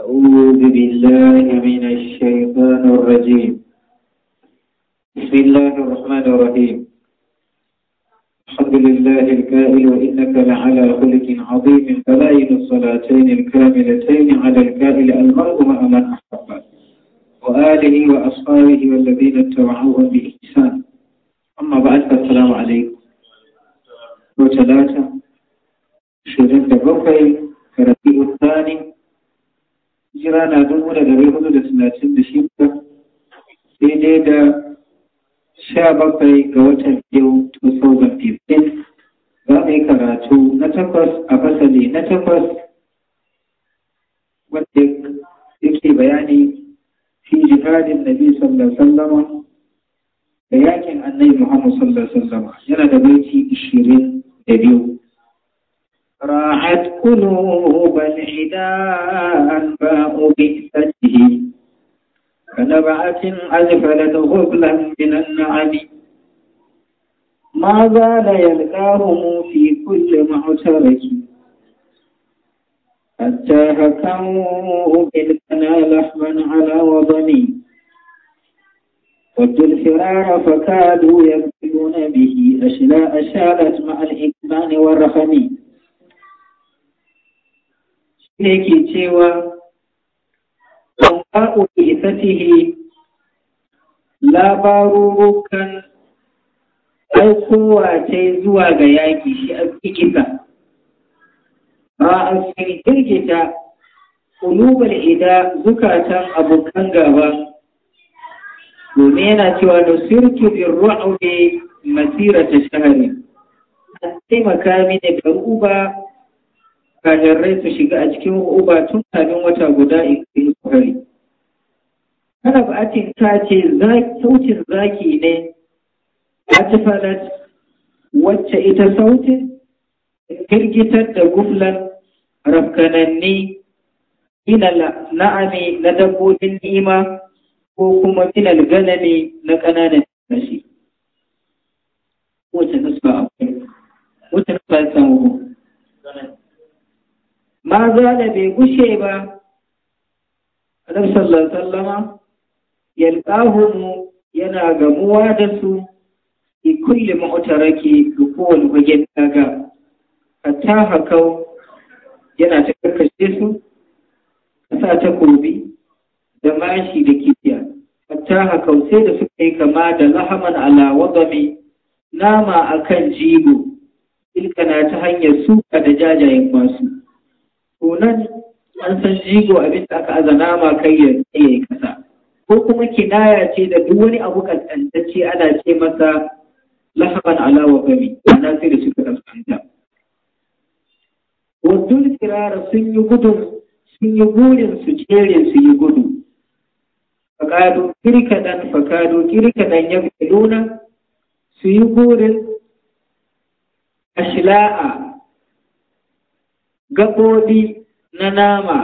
أعوذ بالله من الشيطان الرجيم بسم الله الرحمن الرحيم الحمد لله الكائل وإنك لعلى خلق عظيم فلاين الصلاتين الكاملتين على الكائل المرء مع من أحبه وآله وأصحابه والذين اتبعوهم بإحسان أما بعد فالسلام عليكم وثلاثة شهدت بوكي فرقيء الثاني kira na dubu da dari hudu da talatin da shida daidai da sha bakwai ga watan biyu 2015 za mu yi karatu na takwas a fasali na takwas wanda yake bayani fi jihadin nabi sallallahu alaihi da yakin annabi muhammad sallallahu alaihi yana da baiti ishirin da biyu راحت قلوب الحداء أنباء بئسته كنبعة أزفلت غبلا من النعم ما زال يلقاهم في كل معترك حتى هكموا بالقنا لحما على وضني قد الفرار فكادوا يبدون به أشلاء شالت مع الإكمان والرخم da yake cewa anfa'u isatihi labarurukan aikowa ce zuwa ga yaƙi shi a kisa ba a sai jirgita kulubar ida zukatan abokan gaba domin yana cewa da sirki bin aure masira ta shahari a taimaka mini da uba rai su shiga a cikin uba tun kafin wata guda in su hari. Kana ba'atin ta ce sautin zaki ne a falat wacce ita sautin girgitar da guflan rafkananni ina na'ami na dabbobin ni'ima ko kuma minal ganami na ƙananan tashi. Wacce ta suka akwai, wacce ta samu. ma za da bai gushe ba a sallallahu sallama yalqahumu yana gamuwa da su bi kulle mu'taraki da kowane fagen daga ta hakau yana ta karkashe su kasa ta kobi da mashi da kifiya ta hakau sai da suka yi kama da lahaman ala wadami nama a kan jigo na ta hanyar suka da jajayen masu to nan an san jigo abin da aka aza nama kai ya yi kasa ko kuma kinaya ce da duk wani abu kaskantacce ana ce masa lahaban alawa gami ana sai da suka kaskanta wadul kirara sun yi gudun sun yi burin su jere su yi gudu fakado kirkadan fakado kirkadan ya nuna su yi burin ashila'a gabobi na nama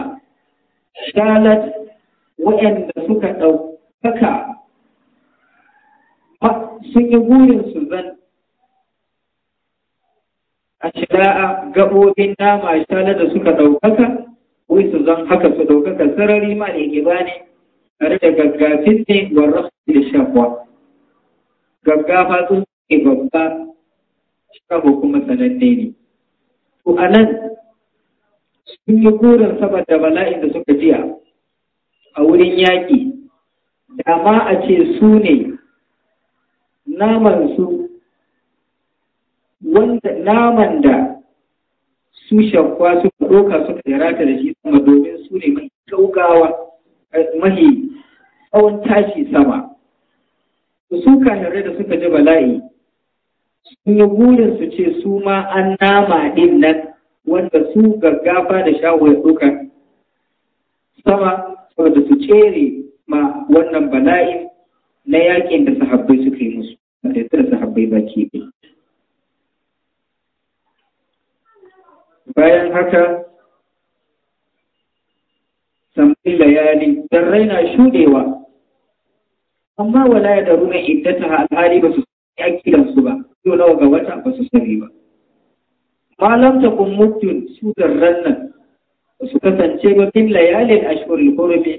shalat waɗanda suka ɗaukaka sun yi burin su zan a a gaɓoɗin nama shalat da suka ɗaukaka wai su zan haka su ɗaukaka sarari ma da giba ne tare da gaggafin ne gwarra da shakwa gaggafa sun ke babba shahu kuma sananne ne to a nan sun yi koren saboda bala'in da suka jiya a wurin yaƙi da ma a ce su ne namansu wanda naman da su shakwa su ɗauka suka yarata da shi sama domin su ne mai ɗaukawa mahi tsawon tashi sama su kahirai da suka ji bala'i sun yi burin su ce su ma an nama ɗin nan wanda su gaggafa da shawar sama wanda su cere ma wannan bala'i na yakin da sahabbai suka yi musu a da sahabbai ke ɗaya bayan haka samfin layali darrai na shudewa amma wala ya idan iddata al'adi ba su da su ba yau nawa ga wata ba su sani ba malam ta kun mutum su garran nan su kasance ba min layalin ashurul hurmi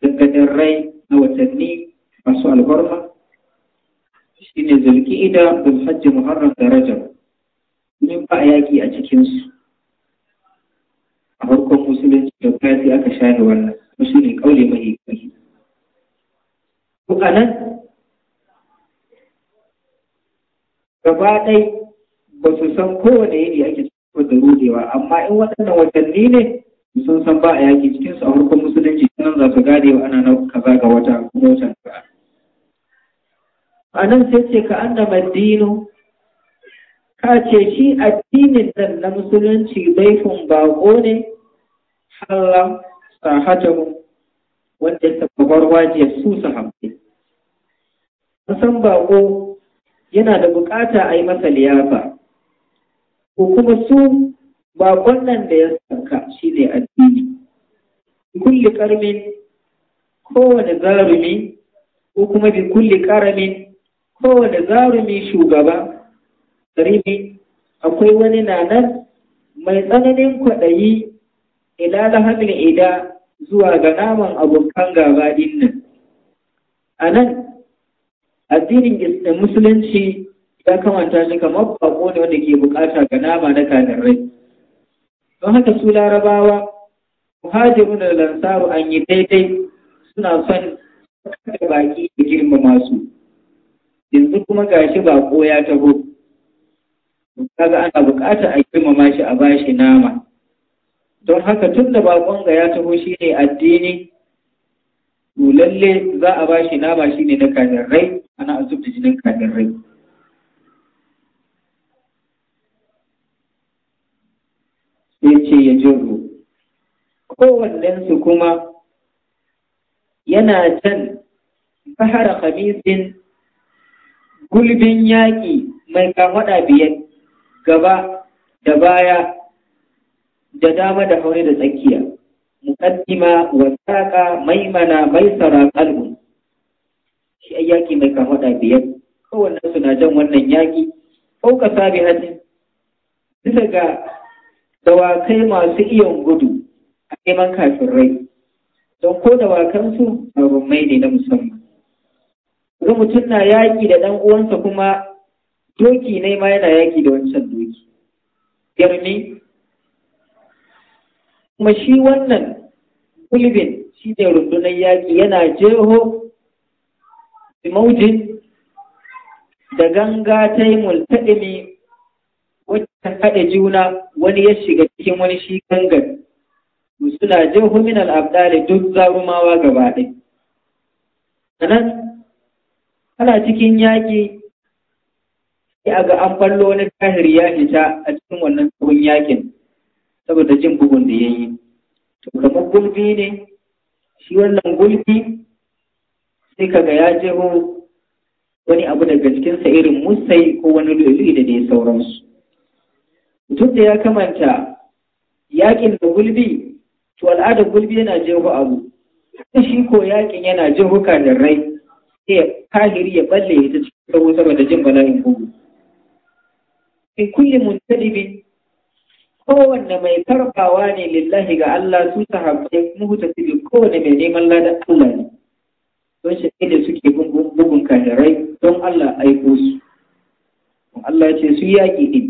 daga rai na watanni masu albarma shine zulqa'ida bil hajj muharram da rajab min ba yaki a cikinsu. a farkon musulunci da kafi aka share wannan musu ne kaule mai kai kuka nan gaba ɗaya ba su san kowane yini ake cikin da rudewa amma in waɗannan watanni ne sun san ba a yaƙi cikin su a harkar musulunci nan za su gane wa ana nan kaza ga wata kuma watan a nan sai ce ka annama dino ka ce shi addinin nan na musulunci laifin baƙo ne haram mu wanda ya taɓa barwajiyar su sahabbai san baƙo yana da buƙata ayi masa liyafa ko kuma su bakon nan da ya sanka shi ne addini kulli karmin kowane zarumi ko kuma bi kulli karamin kowane zarumi shugaba karimi akwai wani nan? mai tsananin kwaɗayi ila lahamin ida zuwa ga naman abokan gaba din nan a nan addinin musulunci ya kamanta shi kamar bako ne wanda ke bukata ga nama na rai. don haka su larabawa muhajiru da lansaru an yi daidai suna son da baki da girmama su yanzu kuma gashi bako ya taho kaga ana bukata a girmama shi a bashi nama don haka tun da bakon ga ya taho shi ne addini to lalle za a bashi nama shi ne na rai, ana azubta da jinin rai. ya jirru kowannensu kuma yana can fahara kamisin gulbin yaƙi mai kamwaɗa biyar gaba da baya da dama da haure da tsakiya mukaddima, wa saƙa, maimana tsara, qalbu shi yaƙi mai kamwaɗa biyar kowannensu na jan wannan yaƙi fauka sabihatin bisa ga dawakai masu iyon gudu a neman kafirai don ko dawakansu rumai ne na musamman wani mutum na yaƙi da ɗan uwansa kuma doki ne ma yana yaƙi da wancan doki girmi kuma shi wannan gulbin shi ne rundunar yaƙi yana jeho maujin da ganga ta yi multaɗimi wajen haɗe juna wani ya shiga cikin wani shi gangan suna jin humin al'abdali duk zarumawa gaba ɗin anan ana cikin yaƙi sai a ga an ballo wani kahiri ya fita a cikin wannan tsawon yaƙin, saboda jin bugun da ya yi to kamar gulbi ne shi wannan gulbi sai kaga ya jeho wani abu daga cikinsa irin musai ko wani lulu da dai sauransu duk da ya kamanta yakin da gulbi to al'adar gulbi yana jeho abu shi ko yakin yana jeho kanin rai sai kahiri ya balle ya ta cikin wuta saboda jin bala'in gugu in kulli muntadibi kowanne mai karfawa ne lillahi ga Allah su sahabbai muhuta su kowanne mai neman lada Allah ne don shi da suke bugun kahirai don Allah aiko su Allah ce su yaƙi ɗin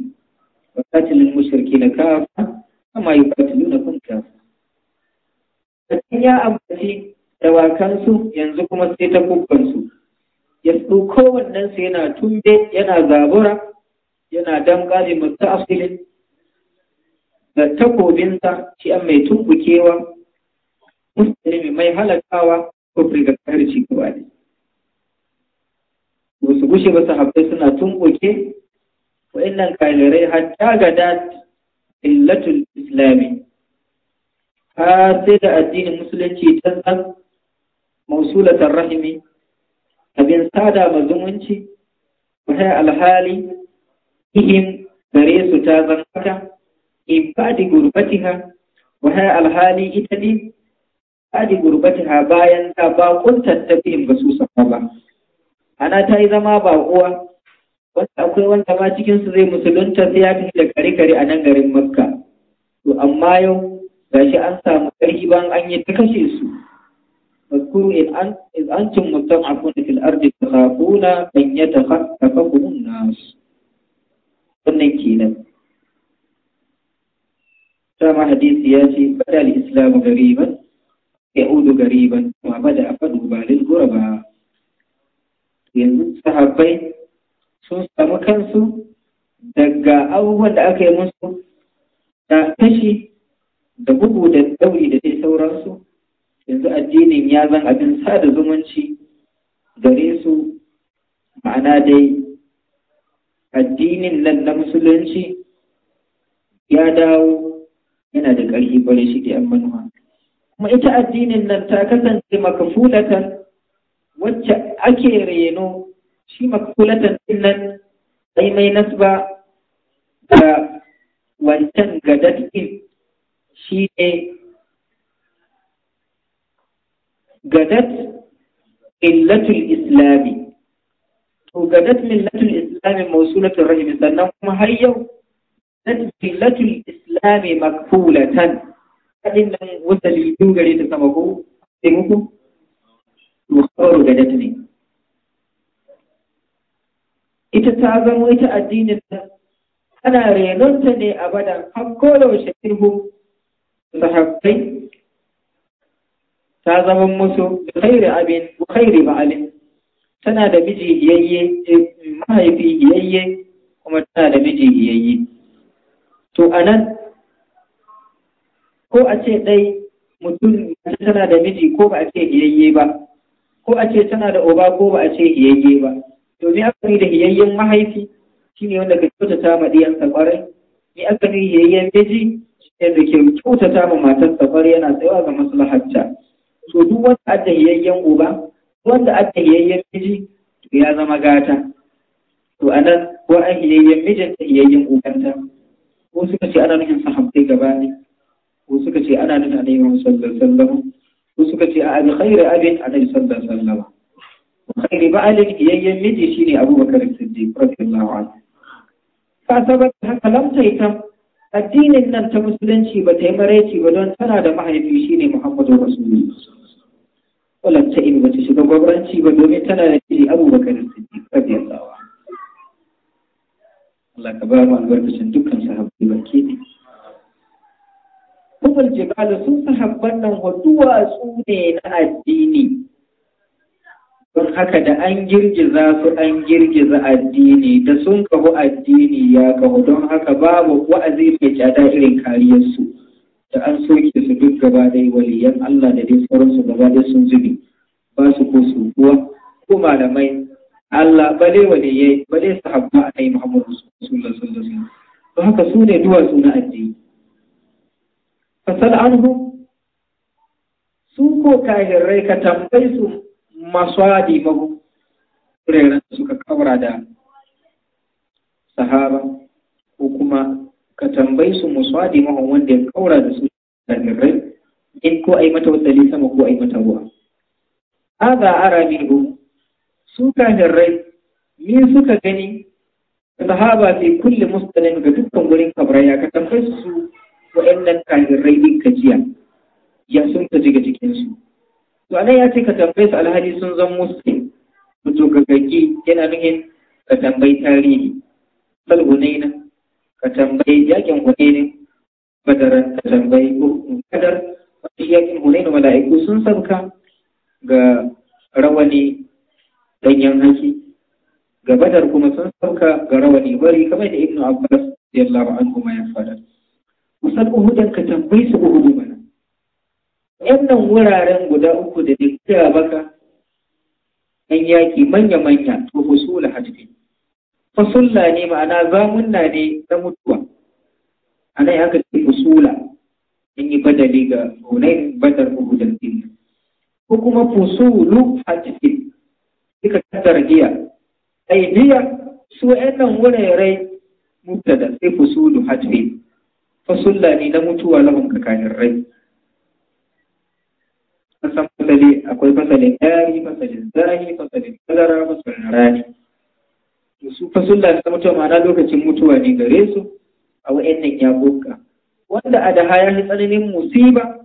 وقاتل المشركين كافة كما يقاتلونكم كافة Sannan ya ambaci dawakansu yanzu kuma sai ta kubbansu, yanzu kowannensu yana tumbe, yana zabura, yana damƙali masu asirin, da takobinsa shi an mai tumbukewa, musulmi mai halakawa ko firga kaharci gaba ne. Wasu gushe wasu haɓe suna tumbuke wa innal kafirai hatta gadat illatul islami har sai da addinin musulunci ta san mausulatar rahimi abin sada ma zumunci wahai alhali ihim gare su ta zan haka in fadi gurbatiha wahai alhali ita ne fadi gurbatiha bayan ta ba kuntar ba su sama ba ana ta yi zama ba uwa akwai wanda ma cikinsu zai musulunta sai ya fi da kare-kare a nan garin makka to amma yau gashi an samu ƙarfi ban an yi ta kashe su fil إذ ta مستضعفون في الأرض ta أن يتخطفكم nasu wannan kenan sama hadisi ya ce bada al-islamu gariban udu gariban wa bada afadu ba lil ba. yanzu sahabbai sun samu kansu daga abubuwan da aka yi musu da tashi da bugu da ɗauri da dai sauransu yanzu addinin ya zan abin sa da zumunci gare su ma'ana dai addinin nan na musulunci ya dawo yana da ƙarfi ƙwarai shi da yan kuma ita addinin nan ta kasance makafulatan wacce ake reno shi makulatan sunan sai mai nasba da wancan gadad shi ne gadad illatul islami to gadat millatul islami mausulatul rahim sannan kuma har yau gadad millatul islami makfulatan kadin nan wata lilin gare ta sama ko sai muku to kawai gadat ne ita ta zama ita addinin nan ana renonta ne a bada har kodaushe kirhu sahabbai ta zama musu khairi abin khairi ma'alin tana da miji iyayye eh, mahaifi iyayye kuma tana da miji iyayye to anan ko a ce dai mutum tana da miji ko ba a ce iyayye ba ko a ce tana da oba ko ba a ce iyayye ba to me aka da hiyayyen mahaifi shine wanda ka kyautata ma diyarsa kwarai me aka da hiyayyen miji shine da ke kyautata ma matarsa kwarai yana tsayawa ga maslahatta to duk wanda adda hiyayyen uba wanda adda hiyayyen miji to ya zama gata to anan ko an hiyayyen ta hiyayyen ubanta ko suka ce ana nufin sahabbai gaba ne ko suka ce ana nuna neman Muhammad sallallahu ko suka ce a abi khairu abin annabi sallallahu sallar sallama. Sai ba alin iyayyen miji shine Abubakar Siddiq radiyallahu anhu. Ka saboda haka ita addinin nan ta musulunci ba ta yi maraici ba don tana da mahaifi ne Muhammadu Rasulullah. Walanta in ba ta shiga gwamnati ba domin tana da shi Abubakar Siddiq radiyallahu anhu. Allah ka ba mu albarkacin dukkan sahabbai baki ne. Kuma jibalu sun sahabban nan wa duwatsu ne na addini. don haka da an girgiza su an girgiza addini da sun kahu addini ya kahu don haka babu wa'azi mai tsada irin kariyarsu da an soke su duk gaba ɗaya waliyan Allah da dai sauransu gaba dai sun zubi ba su ko su kuwa ko malamai Allah bale waliyai bale sahabba a yi Muhammadu sallallahu alaihi wasallam don haka su ne duwatsu na addini fasal anhu su ko kahirai ka tambayi su masu haɗi ba kureren suka ƙaura da sahaba ko kuma ka tambayi su masu haɗi mahon wanda ya ƙaura da su da rai in ko ai mata wasali sama ko ai mata ruwa haza ara minhu su rai min suka gani sahaba fi kulli mustalin ga dukkan wurin kabraya ka tambayi su wa'annan kafirai din kajiya ya sun ta jiga cikin to anan ya ce ka tambaye su alhali sun zan muslim mutu gaggi yana nufin ka tambayi tarihi sal hunaina ka tambayi yakin hunaina badaran ka tambayi ko kadar wani yakin hunaina mala'iku sun sauka ga rawani danyen haki ga badar kuma sun sauka ga rawani bari kamar da ibnu abbas radiyallahu anhu ma ya fada kusan uhudan ka tambayi su uhudu mana wannan wuraren guda uku da dukkan baka an yaki manya-manya to husul hajji fasulla ne ma'ana zamunna ne na mutuwa a nan aka ce fusula an yi badali ga hunain badar da din ko kuma fusulu hajji suka kasar giya aidiya su wa'annan wurare mutada sai fusulu hajji fasulla ne na mutuwa lahun kakanin rai san fasali akwai fasalin yari fasalin zani fasalin kadara fasalin rani to su fasulla na mutuwa ma'ana lokacin mutuwa ne gare su a wa'annan boka. wanda a da haya tsananin musiba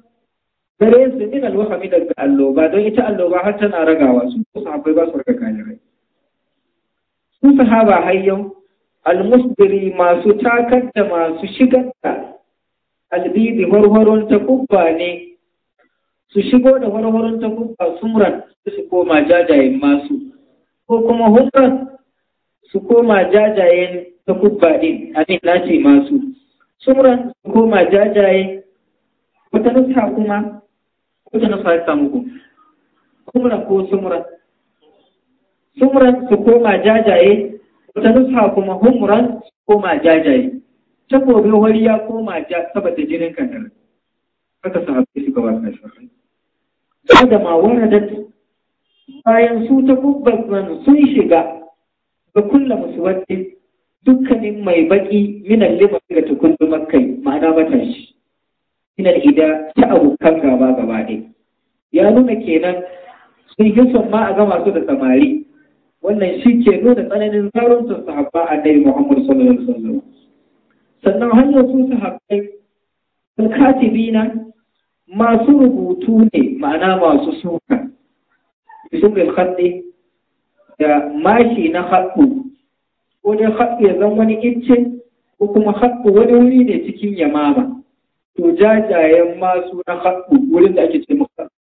gare su min alwahami daga alloba don ita alloba har tana ragawa su ko sahabbai ba su raga su sahaba har yau almusdiri masu takar da masu shigar da albibi warwaron ta kubba ne su shigo da ta takuba sumran su koma jajayen masu ko kuma humran su koma jajayen takuba din abin na ce masu sumran su koma jajayen, wata nufa kuma wata nufa ya samu ku ko sumran sumran su koma jajaye wata nufa kuma humran su koma jajaye gobe wari ya koma ja saboda jinin kankara haka sahabbai suka shi ka shi da ma waradat bayan su ta kubban sun shiga ga kulla musuwatti dukkanin mai baki minan liba ga tukun makai ma'ana shi minal ida ta abokan gaba gaba ne ya nuna kenan sun yi son ma a gama su da samari wannan shi ke nuna tsananin zarun su sahabba a dai Muhammadu sallallahu alaihi wasallam sannan hanyar su sahabbai alkatibina masu rubutu ne ma'ana masu suka bisukul haɗe da mashi na haɗu ko dai haɗu ya zan wani ince ko kuma haɗu wani wuri ne cikin yamama to jajayen masu na haɗu wurin da ake ce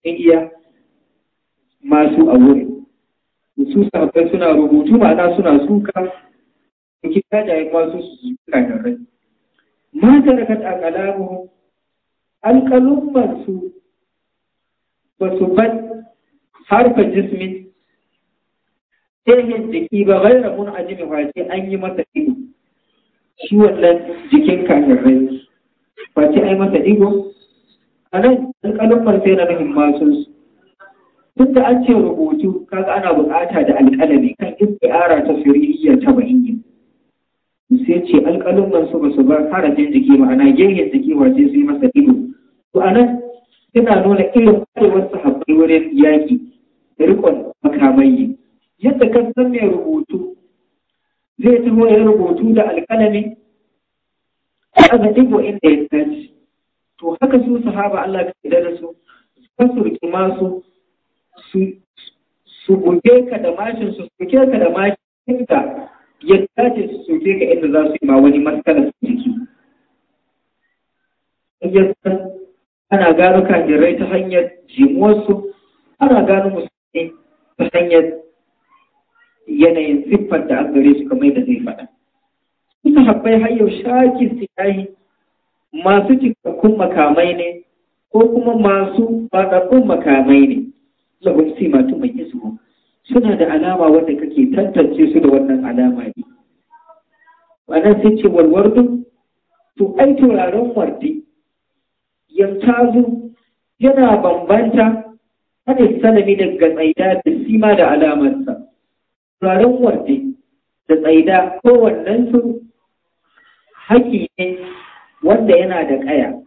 in iya masu a wurin su sahabbai suna rubutu ma'ana suna suka suke jajayen masu su suka da rai ma tarakat alƙalummarsu ba su bar harfa jismin ɗayan jiki ba gaira mun ba ce an yi masa ido shi wannan jikin kafirai face an yi masa ido a nan alƙalumar sai na nuhin masu duk da an ce rubutu kaga ana buƙata da alƙalami kan istiyara ta sirriya ta bayyana sai ce alƙalin su ba su bar harajin jiki ma'ana gehen jiki wace su yi masa ido to a nan suna nuna irin kwarewar sahabbai wurin yaƙi da rikon makamai yadda kan san mai rubutu zai taho ya rubutu da alƙalami a ga ɗigo inda ya tashi to haka su sahaba Allah ka yarda da su kan su riƙi masu su buge ka da mashin su buge ka da mashin ka ya dace su soke ka yadda za su yi ma wani su jiki ana gano kafirai ta hanyar jimuwarsu ana gano musulmi ta hanyar yanayin siffar da an gare su kamar da zai faɗa suka haɓɓai har Shaki, su yayi masu cikakkun makamai ne ko kuma masu faɗaɗɗun makamai ne lahum mai suna da alama wanda kake tantance su da wannan alama ne wannan sai ce to ai turaren wardi zu yana bambanta hada sanami daga tsaida da sima da alamarsa turaren wardi da tsaida su haƙi ne wanda yana da ƙaya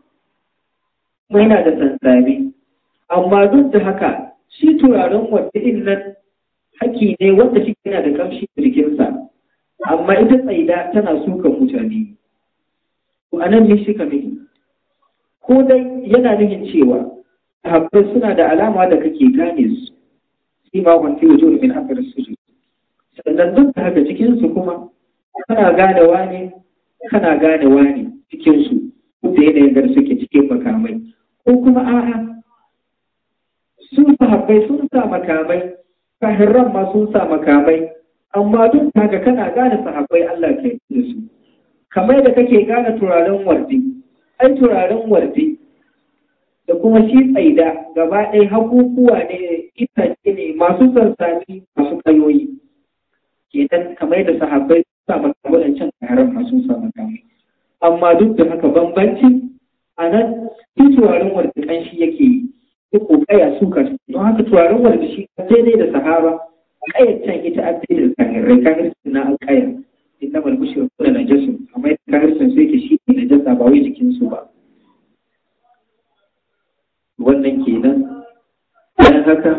kuma yana da tsantsami amma duk da haka shi turaren wardi din nan haki ne wanda shi yana da kamshi jirginsa amma ita tsaida tana suka mutane to a nan ne shi ka ko dai yana nufin cewa sahabbai suna da alama da kake gane su shi ma wanti wajen min su sujud sannan duk da haka cikinsu kuma kana gane wani kana gane wani cikinsu da yanayin da suke cikin makamai ko kuma a'a sun sahabbai sun sa makamai kahiran ma sun sa makamai amma duk haka kana gane sahabbai Allah ke su kamar da kake gane turaren wardi ai turaren wardi da kuma shi tsaida gaba ɗaya hakukuwa ne itace ne masu sansani masu kayoyi kenan kamar da sahabbai sa makamai can cin ma sun sa makamai amma duk da haka bambanci a nan shi turaren wardi kanshi yake yi sai ko su ka don haka turaren wanda shi daidai da sahaba kayan can ita a daidai da kahirai na alkaya inna mal mushriku da najasun amma ita kahirsun sai ke shi ne najasa ba wai jikinsu ba wannan kenan bayan haka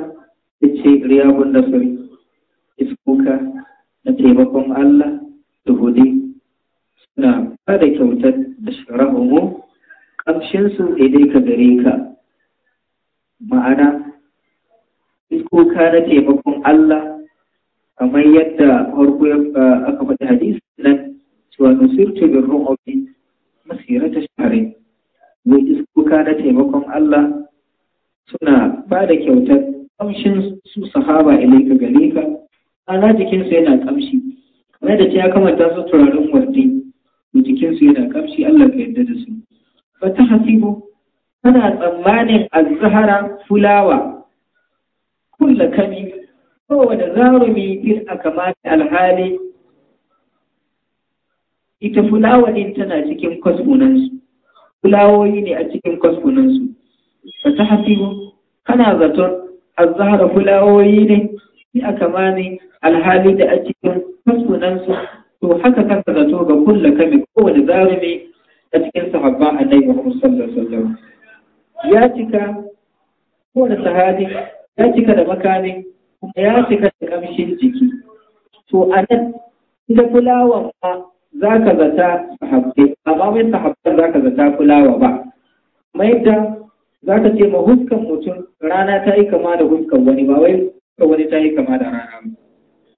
ya ce riyabun nasari iskoka na taimakon Allah da hudu suna ba da kyautar da sharahumu ƙamshinsu daidai ka gare ka ma'ana iskoka na taimakon Allah kamar yadda harko eh, aka faɗi hadisi nan cewa nusirtu bin ru'ubi masira ta share isko iskoka na taimakon Allah suna ba da kyautar kamshin su sahaba ilaika gare ka ana jikinsu yana kamshi kamar da ya kamata su turaren wardi jikinsu yana kamshi Allah ka yarda da su fa ta hasibu kana tsammanin azhara fulawa kulla kami kowane zarumi a kamata alhali ita fulawa din tana cikin kwasfunansu fulawoyi ne a cikin kwasfunansu ba ta hafihu kana zaton azhara fulawoyi ne a kamani alhali da a cikin kwasfunansu to haka kanka zato ga kulla kami kowane zarumi a cikin sahabba a Muhammad sallallahu alaihi wasallam ya cika ko da sahadi ya cika da makami kuma ya cika da kamshin jiki to a nan ita fulawa ma za ka zata sahabbai amma mai sahabban za ka zata fulawa ba kuma yadda za ka ce ma huskan mutum rana ta yi kama da huskan wani ba wai huskan wani ta yi kama da rana ba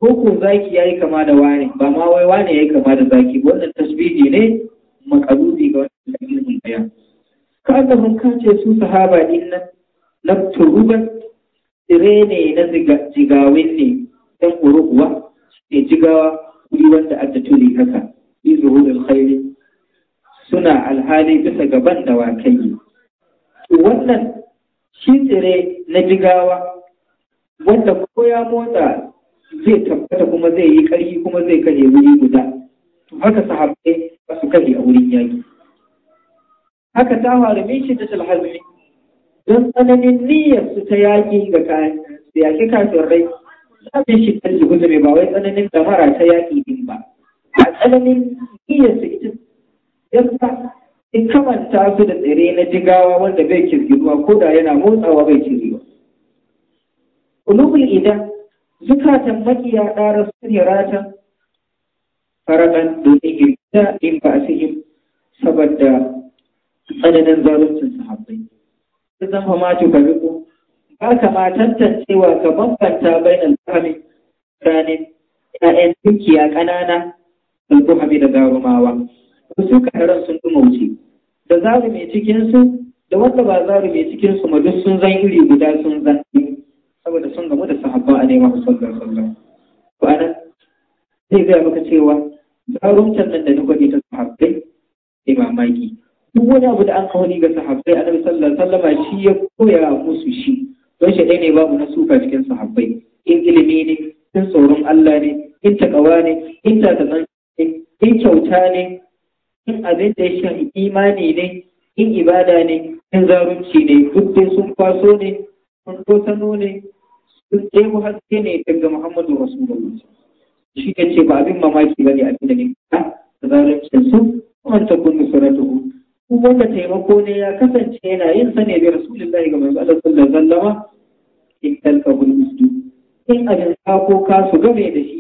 ko ko zaki ya yi kama da wani ba ma wai wani ya yi kama da zaki wannan tasbiji ne makaruzi ga wannan ilmin bayan ka mun kace su sahaba din nan labturuban tsire ne na jigawin ne ɗan uruwa ne jigawa wuri wanda a tuli haka izuhurul khairi suna alhali bisa gaban da dawakai wannan shi tsire na jigawa wanda ko ya motsa zai tabbata kuma zai yi ƙarfi kuma zai kashe wuri guda to haka sahabbai ba su kalli a wurin yaki haka ta harame shi da talhalmi don tsananin niyyar su ta yaƙi ga kayan su yaƙi kafin rai zaɓin shi kan jihuzuri ba wai tsananin damara ta yaƙi din ba a tsananin niyyar su ita yasa in ta su da tsere na jigawa wanda bai kirgiruwa ko da yana motsawa bai kirgiruwa. Ulubul idan zukatan makiya ɗara sun rata faraɗan domin girgita in ba su saboda tsananin zaluncin sahabbai ta zama ma ta bari ko ba ka ma tantancewa ka bambanta bainal fahmi tsakanin Ya'yan dukiya ƙanana da da zarumawa wasu karan sun dumauce da zarume cikinsu da wanda ba zarume cikinsu ma duk sun zan iri guda sun zan saboda sun gamu da sahabba a neman sallar sallar zai gaya maka cewa zaruncan nan da na gwani ta sahabbai sai mamaki duk wani abu da an kawani ga sahabbai annabi sallallahu alaihi wasallama shi ya koya musu shi don shi ne babu na suka cikin sahabbai in ilimi ne in tsoron Allah ne in takawa ne in takasan ne in kyauta ne in abin da ya imani ne in ibada ne in zarunci ne duk dai sun kwaso ne sun tosano ne sun ɗebo haske ne daga Muhammadu Rasulullah shi ne ce ba abin mamaki ba ne a da ne su kuma ta kun kuma wanda taimako ne ya kasance yana yin sa ne rasulun rasulullahi ga mai Allah sallallahu da in talka musdu in abin sako ka su game da shi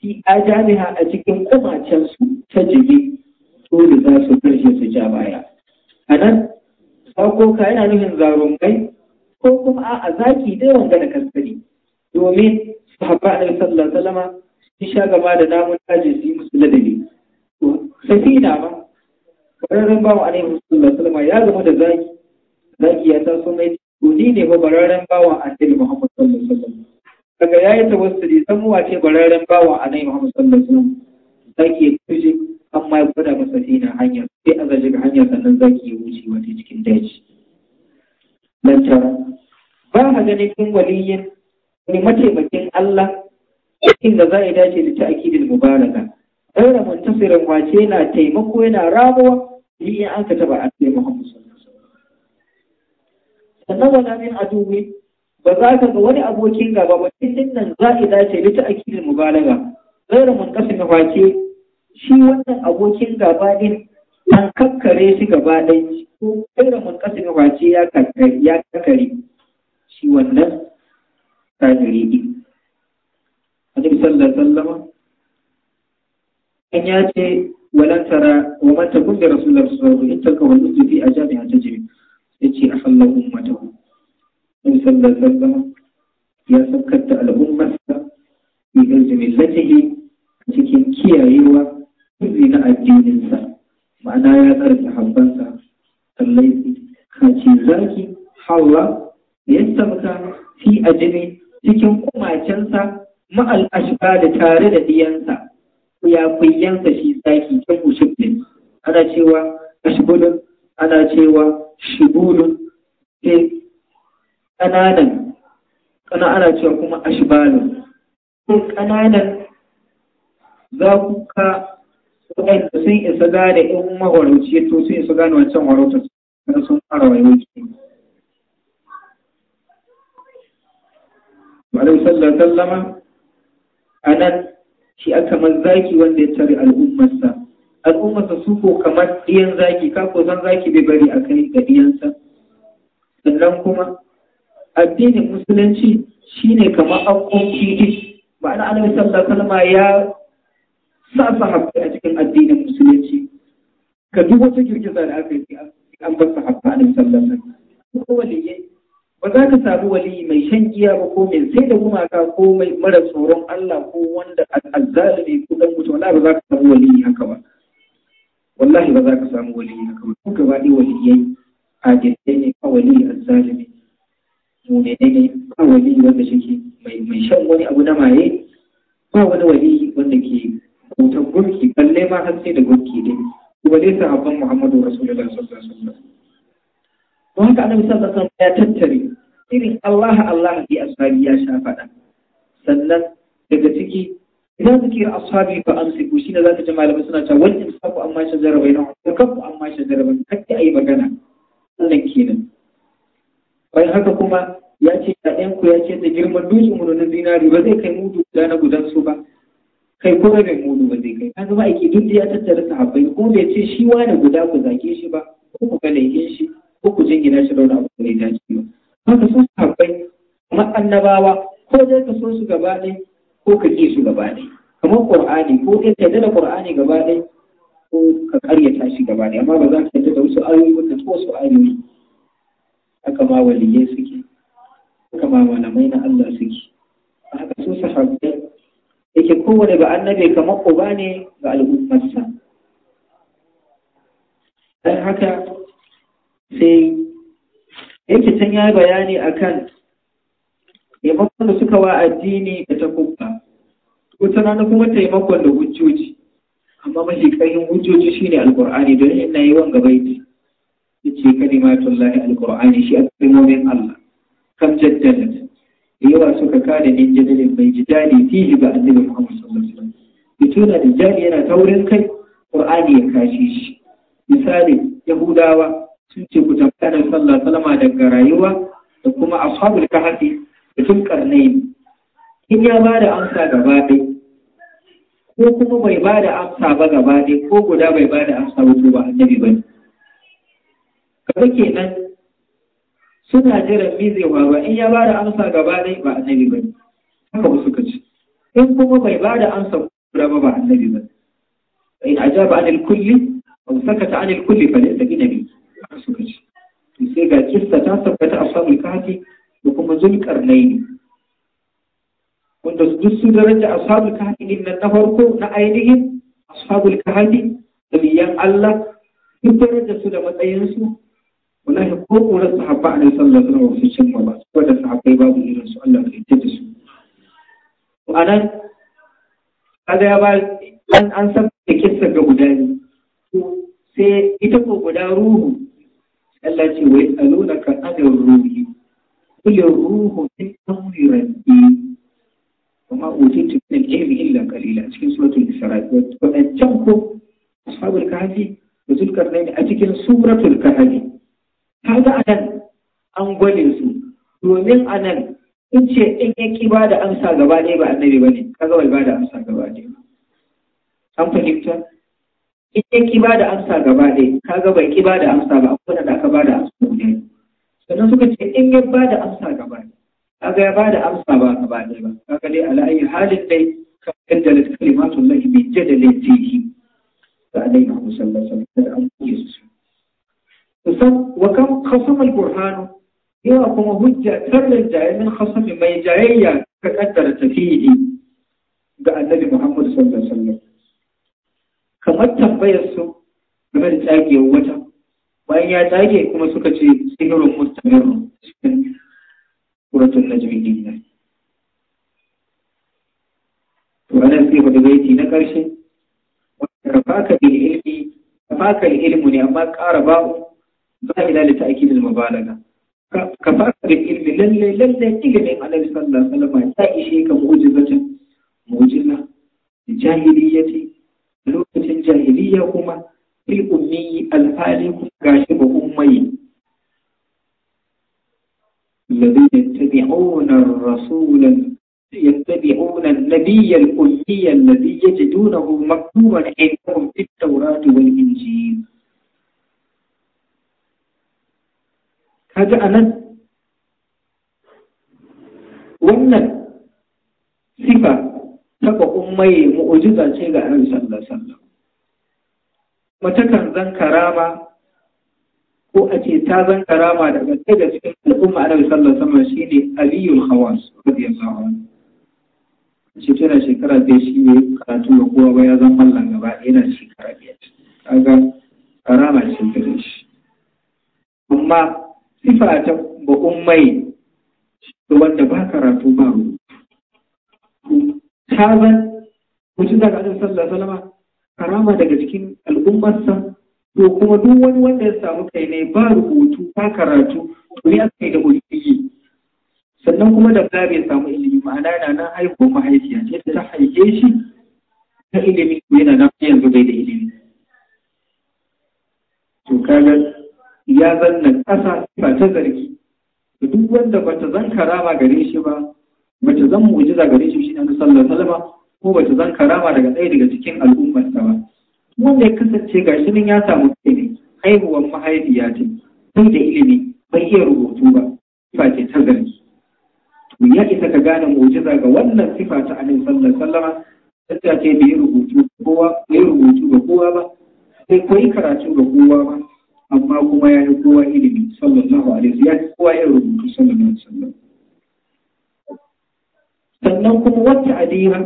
fi jami'a a cikin kumacensu su ta jibi to da za su karshe su ja baya nan sako ka yana nufin zarungai ko kuma a zaki dai yawan da kaskari domin sahaba alaihi sallallahu alaihi wasallam sun sha gaba da namun daji su yi musu ladabi safina ba ƙwararren bawa a sallallahu alaihi ya zama da zaki zaki ya taso mai ni ne ba bararren bawa a nemi Muhammad sallallahu alaihi wasallam kaga yayi tawassuli san muwa ce bararren bawa nemi Muhammad sallallahu alaihi wasallam zaki kuje amma ya gwada masa fina hanya sai an zaji ga hanya sannan zaki ya wuce wata cikin daji nan ba ha ganin kin waliyin ne mataimakin Allah inda za a dace da ta'kidil mubaraka ɗaura muntasirin wace na taimako yana rabuwa iya an ka taba annabi Muhammad sallallahu alaihi wasallam sannan wala min aduwi ba za ka ga wani abokin gaba ba cikin nan dace ce ta akidin mubalaga zairu mun kasin wake shi wannan abokin gaba din an kakkare shi gaba ɗaya ko kairar mun kasin wace ya kakkare ya kakkare shi wannan kafiri din Annabi sallallahu alaihi wasallam an ya ce walan tara wa man takun da rasulullahi sallallahu alaihi wasallam in taka wal ujubi a jami'a ta jibi yace afallahu ummatahu in sallallahu alaihi wasallam ya sabkata al'ummarsa bi a cikin kiyayewa kuzi na addininsa ma'ana ya tsara sahabbansa sallai kaci zaki hawa ya sabka fi ajini cikin kumacensa ma'al ashba da tare da diyansa bayyanta shi zaki kushe ne. ana cewa ashbulun ana cewa shibulun sai ƙananan kana ana cewa kuma ashbalun ko ƙananan za ku ka waɗanda sun isa gane in mawarauci to sun isa gane wancan warautar kada sun fara wayo kenan Alaihi sallallahu sallama a nan shi a kamar zaki wanda ya tare al'ummarsa al'ummarsa su ko kamar ɗiyan zaki ka ko zaki bai bari a kai ga ɗiyansa sannan kuma addinin musulunci shine kamar akkoki duk ma'ana annabi sallallahu alaihi ya sa sahabbai a cikin addinin musulunci ka duk wata girgiza da aka yi an bar sahabbai annabi sallallahu alaihi wasallam ba za ka samu wali mai shan giya ba ko mai sai da gumaka ko mai mara tsoron Allah ko wanda azzalimi ko dan mutu wallahi ba za ka samu wali haka ba wallahi ba za ka samu wali haka ba ko wali ɗaya a adilai ne ka wali azzalimi mu'minai ne ka wali wanda shi mai mai shan wani abu na maye ba wani wali wanda ke kutar gurki balle ma har sai da gurki ne kuma dai sahabban Muhammadu Rasulullahi sallallahu alaihi wasallam don haka annabi sallallahu alaihi ya tattare irin Allah Allah bi ashabi ya sha faɗa sannan daga ciki idan zikir ashabi fa amsiku shine zaka ji malamai suna cewa wal imsaku amma shajara bainahum an kafu amma shajara bainahum a ayi magana sannan kenan bayan haka kuma ya ce ɗan ku ya ce da girman dutse, mu na zinari ba zai kai mudu guda na gudan su ba kai kuma mai mudu ba zai kai ka zama aiki duk ya tattara sahabbai ko bai ce shi wani guda ku zake shi ba ko ku ga laifin shi ko ku gina shi da wani abu da ya ba haka su sahabbai kamar annabawa ko dai ka so su gaba ɗaya ko ka ƙi su gaba ɗaya kamar qur'ani ko dai ka yarda da qur'ani gaba ɗaya ko ka karyata shi gaba ɗaya amma ba za ka yadda da wasu ayoyi ba ka wasu ayoyi haka ma waliyai suke haka ma malamai na Allah suke haka su sahabbai yake kowane ba annabi kamar uba ne ga al'ummarsa dan haka sai yake can ya bayani akan taimakon da suka wa addini da ta ko tana na kuma taimakon da hujjoji amma mafi ƙarfin hujjoji shine alqur'ani don ina yi wanga baiti yace lahi alqur'ani shi kalmomin Allah kam Da yawa suka kada din jadalin bai jidani fihi ba annabi Muhammad sallallahu alaihi wasallam da yana taurin kai qur'ani ya kashe shi misali yahudawa sun ce ku tafi da sallah salama daga rayuwa da kuma a ka haɗe da tun ne. in ya ba da amsa gaba ɗaya ko kuma bai ba da amsa ba gaba ɗaya ko guda bai ba da amsa ba ba annabi ba ne kaga kenan suna jiran mizewa ba in ya ba da amsa gaba ɗaya ba annabi ba ne haka ba suka ce in kuma bai ba da amsa guda ba ba annabi ba in ajaba anil kulli aw sakata anil kulli fa laysa bi nabi haka sai ga kista ta tabbata a samun kafi da kuma zulƙarnaini wanda duk su daraja a kahfi din nan na farko na ainihin a ashabul da waliyan Allah duk daraja su da matsayinsu wallahi ko kuma sahabba a nan sallallahu alaihi wasallam su cimma ba su ko da sahabbai babu irin su Allah ya tada su to anan kaga ya ba an an san da kissa ga gudani. sai ita ko guda ruhu Allah ce wai nuna ka adar ruhi kulin ruhu min amri rabbi kuma utitu min ilmi illa ƙalila cikin suratun suratul isra wadancan ko ashabul kahfi da zulkarnaini a cikin suratul kahfi kaga anan an gwale su domin anan in ce in ya ki da amsa gaba ne ba annabi ba ne kaga bai ba da amsa gaba ne an fahimta ita ki ba da amsa gaba ɗaya kaga bai ki ba da amsa ba akwai da aka ba da amsa ne sannan suka ce in ya ba da amsa gaba ɗaya kaga ya ba da amsa ba gaba ɗaya ba kaga dai ala ayi halin dai kan da kalimatu lahi bi jadalin fihi da alaihi sallallahu alaihi wasallam da an kuye su kusan wa kam khasam al burhanu yawa kuma hujja tarin jaye min khasam mai jayayya ka kaddara tafidi ga annabi muhammad sallallahu alaihi wasallam kamar tambayar su game da tsagewar wata bayan ya tsage kuma suka ce sihirin mustamiru cikin suratun najmi din to anan sai wata baiti na karshe wanda rafaka bil ilmi rafaka al ilmu ne amma ƙara ba'u zahira li ta'kid al mabalaga ka fara da ilmi lalle lalle ilimin annabi sallallahu alaihi wasallam ta ishe ka mu'jizatin mu'jiza jahiliyyati lokacin jahiliya kuma fil ummi alfali kuma gashi ba ummai الذين يتبعون الرسول يتبعون النبي الأمي الذي يجدونه مكتوبا عندهم في التوراة والإنجيل هذا أنا wannan صفة taba ummai mu'ujiza ce ga annabi sallallahu alaihi wasallam mata kan zan karama ko a ce ta zan karama daga da cikin al'umma annabi sallallahu alaihi wasallam shine aliyul khawas radiyallahu anhu shi na shekara bai shi ne karatu da kowa ba ya zan mallan gaba yana shekara biyar kaga karama shi gare shi amma sifa ta ba ummai wanda ba karatu ba rubutu tazan mutum da ganin sallallahu salama karama daga cikin al'ummarsa to kuma duk wani wanda ya samu kai ne ba rubutu ba karatu to ya kai da ulfiyi sannan kuma da ba bai samu ilimi ma'ana yana nan haihuwa mahaifiya ce ta haife shi ta ilimi ko yana nan yanzu bai da ilimi to kaga ya zanna ƙasa ba ta zargi duk wanda ba ta zan karama gare shi ba ba ta zan mu'jiza gare shi na sallallahu alaihi ko ba ta zan karama daga ɗaya daga cikin al'ummar ta ba wanda ya kasance ga shi ya samu kai ne haihuwar mahaifiya ce sai da ilimi bai iya rubutu ba sifa ce ta zargi to ya isa ka gane mu'jiza ga wannan sifa ta annabi sallallahu alaihi wasallam ta ce bai rubutu kowa bai rubutu ga kowa ba sai koyi karatu ga kowa ba amma kuma ya yi kowa ilimi sallallahu alaihi wasallam ya kowa ya rubutu sallallahu alaihi wasallam sannan kuma wacce adiba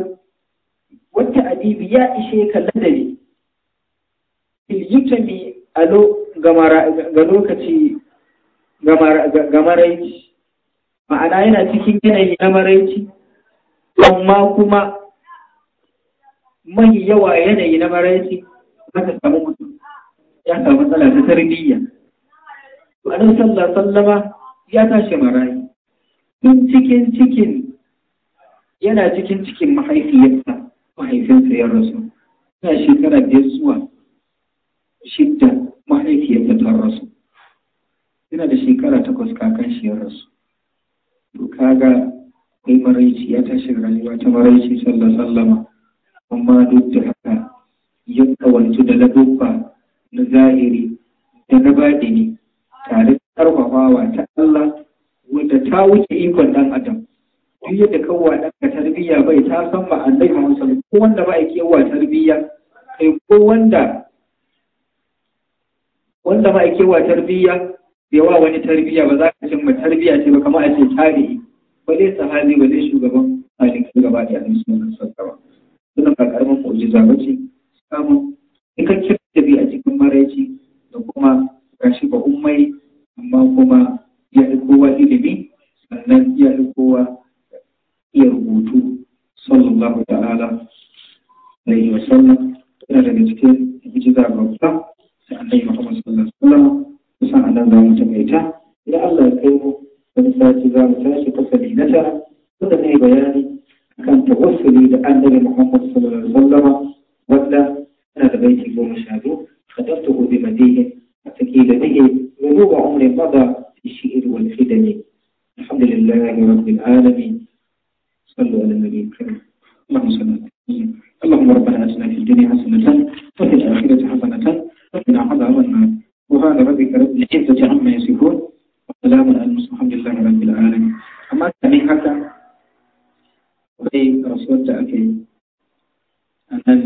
wacce adibi ya ishe ka ladabi iljutami alo ga lokaci ga maraici ma'ana yana cikin yanayi na maraici amma kuma mai yawa yanayi na maraici ta samu mutum ya samu matsala ta tarbiyya to anan sallah sallama ya tashi marayi tun cikin cikin yana cikin cikin mahaifiyarsa mahaifinsa ya rasu na shekara biyar zuwa shidda mahaifiyarsa ta rasu yana da shekara takwas kakan shi ya rasu to kaga kai maraici ya tashi rayuwa ta maraici sallah sallama amma duk da haka ya kawance da ladubba na zahiri da na baɗini tare da karfafawa ta Allah wadda ta wuce ikon ɗan adam duk yadda kawwa dan tarbiyya bai ta san ma annabi Muhammad ko wanda ba yake wa tarbiyya kai ko wanda wanda ba yake wa tarbiyya bai wa wani tarbiyya ba za ka cin ma tarbiyya ce ba kamar a ce tarihi ba dai sahabi ba dai shugaban halin shugaba da annabi sallallahu alaihi wasallam sunan ba karamin mu'jiza ba ce samun cikakken tabi a cikin maraici da kuma gashi ba ummai amma kuma ya kowa ilimi sannan ya kowa iya rubutu sallallahu ta'ala alaihi wa sallam yana daga cikin mu'jiza babba da annabi Muhammad sallallahu alaihi wa sallam kusan anan za mu takaita idan Allah ya kai mu wani sati za mu tashi fasali na tara wanda zai bayani akan tawassuli da annabi Muhammad sallallahu alaihi wa sallam wanda yana da baiti goma sha biyu خدمته بمديه وتكيل به بلوغ عمر مضى في الشئر والخدم الحمد لله رب العالمين صلوا على النبي الكريم اللهم صل على اللهم ربنا اتنا في الدنيا حسنة وفي الآخرة حسنة وقنا عذاب النار سبحان ربك رب العزة عما يصفون وسلام على المرسلين الحمد لله رب العالمين amma kamin haka akwai rasuwar da aka yi a nan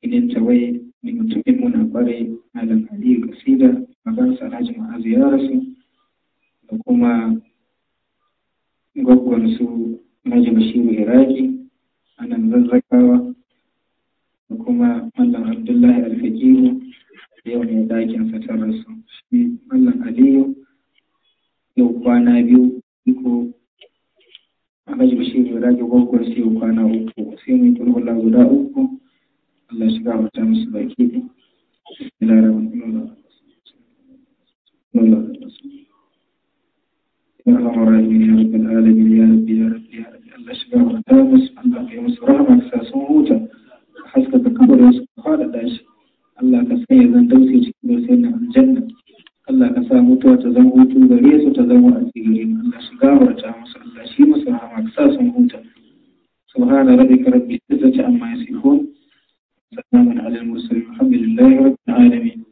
filin tawai mai mutumin muna kwarai malam aliyu kasida magansa alhaji ma'azu ya rasu da kuma gwagwarsu Alhaji Bashiru Iraki a nan zazzagawa da kuma Mallam Abdullahi Alfakiru yau ne ɗakin sa ta rasu shi Mallam Aliyu yau kwana biyu iko Alhaji Bashiru Iraki gwaggon sai yau kwana uku sai mai turhula guda uku Allah shiga wata musu baki ne. Bismillahirrahmanirrahim. Allah. السلام عليكم يا رب العالمين يا رب يا رب يا رب Allah shi gaba ta musu Allah ka yi musu rahama ka sa sun huta ka haskaka kabarin su ka fada dashi Allah ka sanya zan dauke cikin dauke na aljanna Allah ka sa mutuwa ta zama hutu gare su ta zama a cikin Allah shi gaba ta musu Allah shi musu rahama ka sa sun huta سبحان ربك رب العزة عما يصفون سلام على المرسلين الحمد لله رب العالمين